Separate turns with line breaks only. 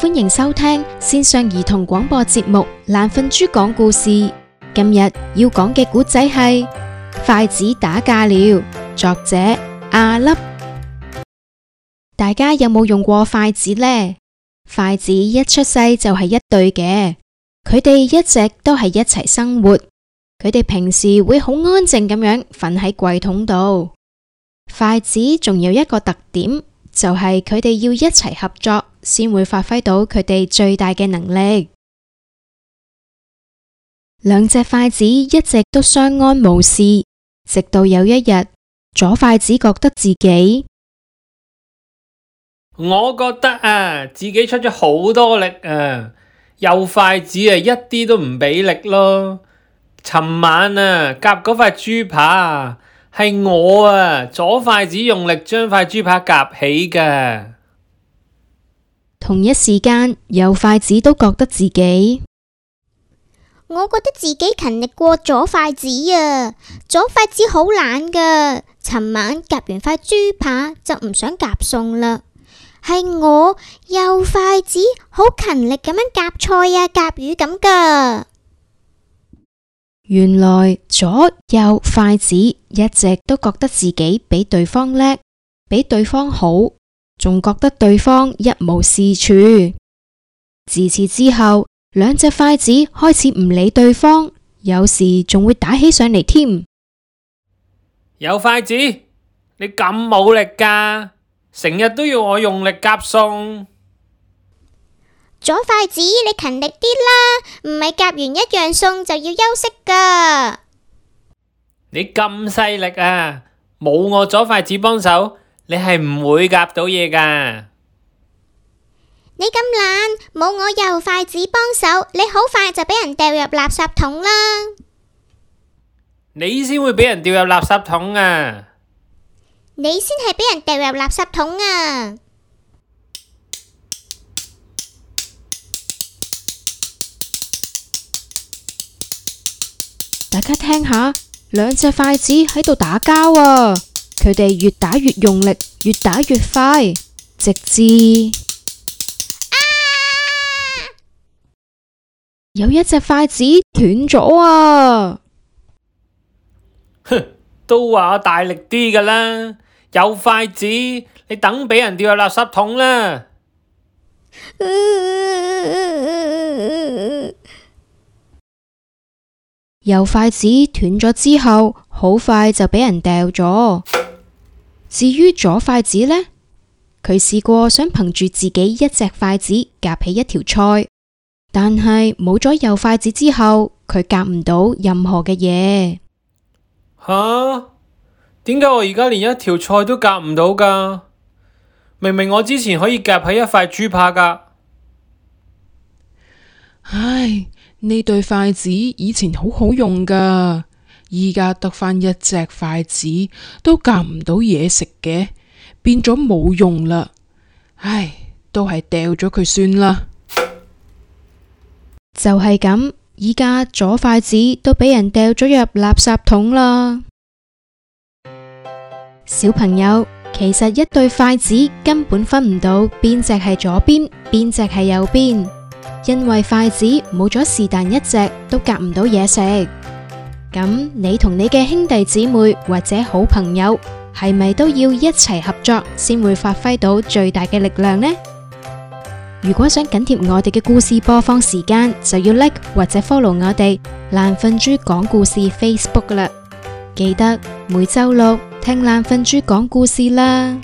歡迎收聽綫上兒童廣播節目《懶瞓豬講故事》。今日要講嘅古仔係筷子打架了。作者阿粒。大家有冇用過筷子呢？筷子一出世就係一對嘅，佢哋一直都係一齊生活。佢哋平時會好安靜咁樣瞓喺櫃桶度。筷子仲有一個特點，就係佢哋要一齊合作。先會發揮到佢哋最大嘅能力。兩隻筷子一直都相安無事，直到有一日，左筷子覺得自己，
我覺得啊，自己出咗好多力啊，右筷子啊一啲都唔俾力咯。尋晚啊夾嗰塊豬扒係我啊，左筷子用力將塊豬扒夾起㗎。
同一時間，右筷子都覺得自己，
我覺得自己勤力過左筷子啊！左筷子好懶噶，尋晚夾完塊豬扒就唔想夾餸啦。係我右筷子好勤力咁樣夾菜啊，夾魚咁噶。原來左右筷子一直都覺
得自己比對方叻，比對方好。仲覺得對方一無是處。自此之後，兩隻筷子開始唔理對方，有時仲會打起上嚟添。
右筷子，你咁冇力噶，成日都要我用力夾餸。
左筷子，你勤力啲啦，唔係夾完一樣餸就要休息噶。
你咁犀利啊，冇我左筷子幫手，你係唔會夾到嘢噶？
你咁懶，冇我右筷子幫手，你好快就俾人掉入垃圾桶啦。
你先會俾人掉入垃圾桶啊！
你先係俾人掉入垃圾桶啊！
大家聽下，兩隻筷子喺度打交啊！.佢哋越打越用力，越打越快，直至有一隻筷子斷咗啊！哼，
都話我大力啲㗎啦，有筷子你等俾人掉去垃圾桶啦。
有 筷子斷咗之後，好快就俾人掉咗。至於左筷子呢？佢試過想憑住自己一隻筷子夾起一條菜，但係冇咗右筷子之後，佢夾唔到任何嘅嘢。
吓？點解我而家連一條菜都夾唔到噶？明明我之前可以夾起一塊豬扒噶。
唉，呢對筷子以前好好用噶。依家得返一隻筷子都夾唔到嘢食嘅，變咗冇用啦。唉，都係掉咗佢算啦。就係咁，依家左筷子都俾人掉咗入垃圾桶啦。小朋友，其實一對筷子根本分唔到邊隻係左邊，邊隻係右邊，因為筷子冇咗是但一隻都夾唔到嘢食。咁你同你嘅兄弟姊妹或者好朋友係咪都要一齊合作先會發揮到最大嘅力量呢？如果想緊貼我哋嘅故事播放時間，就要 like 或者 follow 我哋爛瞓豬講故事 Facebook 噶啦。記得每周六聽爛瞓豬講故事啦。